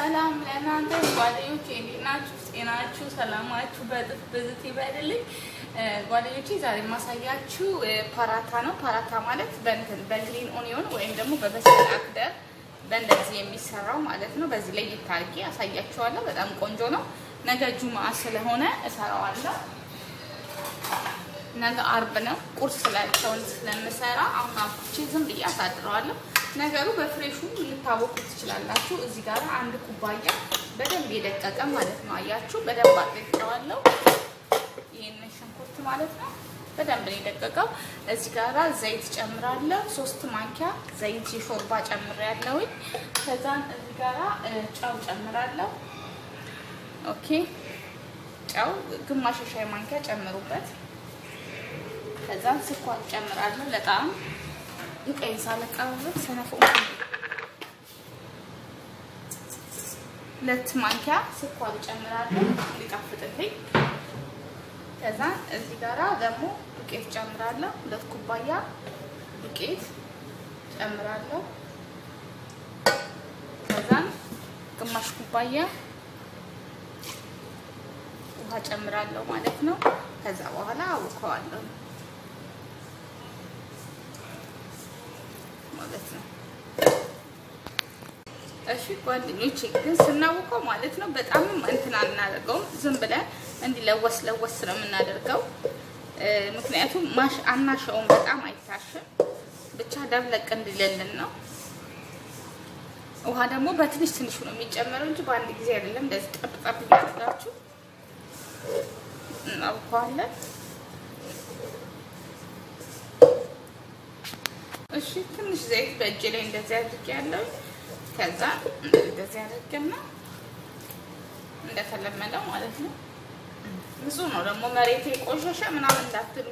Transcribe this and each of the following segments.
ሰላም ለእናንተ ጓደኞች እንዴት ናችሁ? ጤናችሁ፣ ሰላማችሁ በጥፍ ብዝት ይበልልኝ። ጓደኞቼ ዛሬ የማሳያችሁ ፓራታ ነው። ፓራታ ማለት በእንትን በግሪን ኦኒዮን ወይም ደግሞ በበሰለ አክደር በእንደዚህ የሚሰራው ማለት ነው። በዚህ ላይ ይታርቂ አሳያችኋለሁ። በጣም ቆንጆ ነው። ነገ ጁማ ስለሆነ እሰራዋለሁ። ነገ አርብ ነው። ቁርስ ላቸውን ስለምሰራ አሁን አኩቼ ዝም ብዬ አሳድረዋለሁ። ነገሩ በፍሬሹ ልታወቁ ትችላላችሁ። እዚህ ጋር አንድ ኩባያ በደንብ የደቀቀ ማለት ነው። አያችሁ፣ በደንብ አጥቅቄዋለሁ። ይህን ሽንኩርት ማለት ነው። በደንብ ነው የደቀቀው። እዚህ ጋራ ዘይት ጨምራለሁ። ሶስት ማንኪያ ዘይት የሾርባ ጨምር ያለውኝ። ከዛን እዚህ ጋራ ጨው ጨምራለሁ። ኦኬ፣ ጨው ግማሽ የሻይ ማንኪያ ጨምሩበት። ከዛን ስኳር ጨምራለሁ ለጣም ሁለት ማንኪያ ስኳር ጨምራለሁ ሊጣፍጥልኝ። ከዛ እዚህ ጋራ ደግሞ ዱቄት ጨምራለሁ። ሁለት ኩባያ ዱቄት ጨምራለሁ። ከዛ ግማሽ ኩባያ ውሃ ጨምራለሁ ማለት ነው። ከዛ በኋላ አውቀዋለሁ። ማለት ነው። እሺ ጓደኞቼ ግን ስናውቀው ማለት ነው በጣም እንትን አናደርገውም። ዝም ብለን እንዲህ ለወስ ለወስ ነው የምናደርገው። ምክንያቱም ማሽ አናሸውም፣ በጣም አይታሽም። ብቻ ደብለቅ እንዲልልን ነው። ውሃ ደግሞ በትንሽ ትንሹ ነው የሚጨመረው እንጂ በአንድ ጊዜ አይደለም። እንደዚህ ጠብ ጠብ እያደርጋችሁ እናውቀዋለን። እሺ ትንሽ ዘይት በእጅ ላይ እንደዚህ አድርጌ ያለው ከዛ እንደዚህ አድርጌና እንደተለመደው ማለት ነው። ንጹህ ነው ደግሞ መሬት የቆሸሸ ምናምን እንዳትሉ፣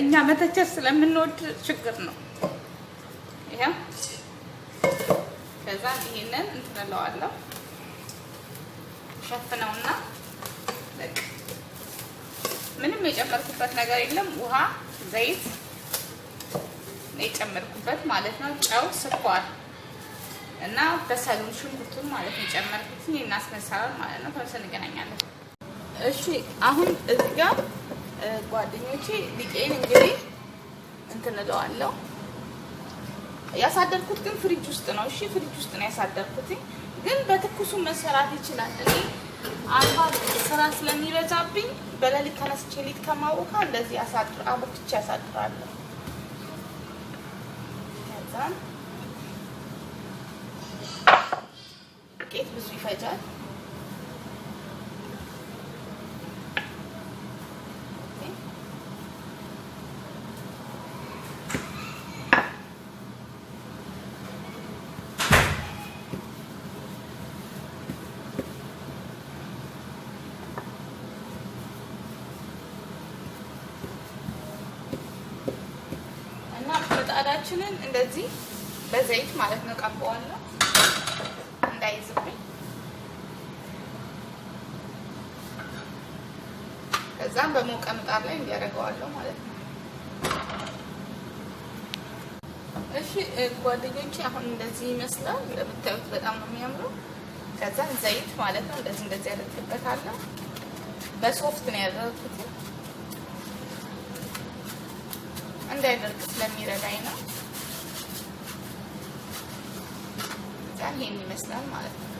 እኛ መተቸት ስለምንወድ ችግር ነው። ይኸው ከዛ ይሄንን እንትንለዋለሁ ሸፍነውና ምንም የጨመርኩበት ነገር የለም ውሃ ዘይት የጨመርኩበት ማለት ነው። ጨው፣ ስኳር እና በሰሉን ሽንኩርቱን ማለት ነው የጨመርኩትን እናስመሳለን ማለት ነው። ተመልሰን እንገናኛለን። እሺ አሁን እዚህ ጋር ጓደኞቼ ሊቄን እንግዲህ እንትን እለዋለሁ። ያሳደርኩት ግን ፍሪጅ ውስጥ ነው። እሺ ፍሪጅ ውስጥ ነው ያሳደርኩት፣ ግን በትኩሱ መሰራት ይችላል። እኔ አልባ ስራ ስለሚበዛብኝ በሌሊት ተነስቼ ሊጥ ከማቦካ እንደዚህ አሳድር አቦክቼ ያሳድራለሁ። ይፈጃል። ዱቄት ብዙ ይፈጃል። ምጣዳችንን እንደዚህ በዘይት ማለት ነው ቀባዋለሁ እንዳይዝብኝ። ከዛም በሞቀ ምጣድ ላይ እንዲያደርገዋለሁ ማለት ነው። እሺ ጓደኞቼ፣ አሁን እንደዚህ ይመስላል እንደምታዩት፣ በጣም ነው የሚያምረው። ከዛም ዘይት ማለት ነው እንደዚህ እንደዚህ ያደርግበታለሁ። በሶፍት ነው ያደረኩት። እንዳይደርቅ ስለሚረዳኝ ነው። ይህን ይመስላል ማለት ነው።